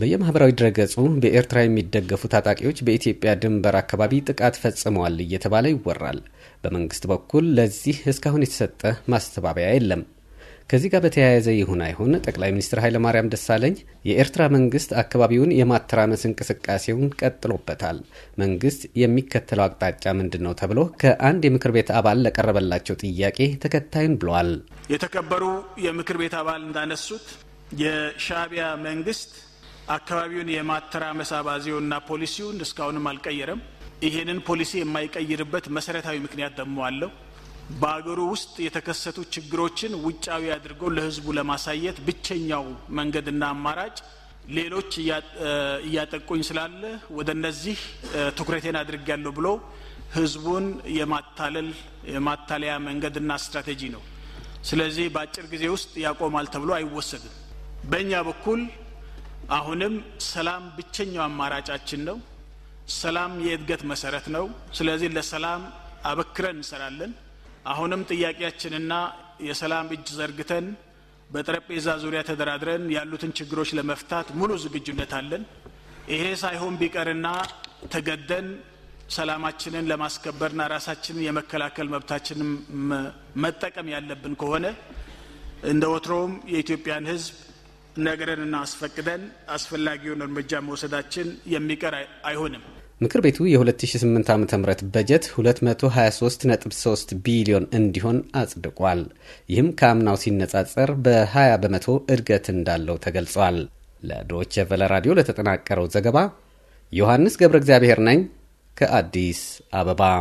በየማህበራዊ ድረገጹ በኤርትራ የሚደገፉ ታጣቂዎች በኢትዮጵያ ድንበር አካባቢ ጥቃት ፈጽመዋል እየተባለ ይወራል። በመንግስት በኩል ለዚህ እስካሁን የተሰጠ ማስተባበያ የለም። ከዚህ ጋር በተያያዘ ይሁን አይሁን ጠቅላይ ሚኒስትር ኃይለማርያም ደሳለኝ የኤርትራ መንግስት አካባቢውን የማተራመስ እንቅስቃሴውን ቀጥሎበታል፣ መንግስት የሚከተለው አቅጣጫ ምንድን ነው ተብሎ ከአንድ የምክር ቤት አባል ለቀረበላቸው ጥያቄ ተከታዩን ብለዋል። የተከበሩ የምክር ቤት አባል እንዳነሱት የሻቢያ መንግስት አካባቢውን የማተራመስ አባዜውና ፖሊሲውን እስካሁንም አልቀየረም። ይሄንን ፖሊሲ የማይቀይርበት መሰረታዊ ምክንያት ደግሞ አለው። በሀገሩ ውስጥ የተከሰቱ ችግሮችን ውጫዊ አድርገው ለህዝቡ ለማሳየት ብቸኛው መንገድና አማራጭ ሌሎች እያጠቁኝ ስላለ ወደ እነዚህ ትኩረቴን ያለው ብሎ ህዝቡን የማታለል የማታለያ መንገድና ስትራቴጂ ነው። ስለዚህ በአጭር ጊዜ ውስጥ ያቆማል ተብሎ አይወሰድም። በእኛ በኩል አሁንም ሰላም ብቸኛው አማራጫችን ነው። ሰላም የእድገት መሰረት ነው። ስለዚህ ለሰላም አበክረን እንሰራለን። አሁንም ጥያቄያችንና የሰላም እጅ ዘርግተን በጠረጴዛ ዙሪያ ተደራድረን ያሉትን ችግሮች ለመፍታት ሙሉ ዝግጁነት አለን። ይሄ ሳይሆን ቢቀርና ተገደን ሰላማችንን ለማስከበርና ራሳችንን የመከላከል መብታችንን መጠቀም ያለብን ከሆነ እንደ ወትሮውም የኢትዮጵያን ሕዝብ ነግረንና አስፈቅደን አስፈላጊውን እርምጃ መውሰዳችን የሚቀር አይሆንም። ምክር ቤቱ የ2008 ዓ ም በጀት 223.3 ቢሊዮን እንዲሆን አጽድቋል። ይህም ከአምናው ሲነጻጸር በ20 በመቶ እድገት እንዳለው ተገልጿል። ለዶች ቨለ ራዲዮ ለተጠናቀረው ዘገባ ዮሐንስ ገብረ እግዚአብሔር ነኝ ከአዲስ አበባ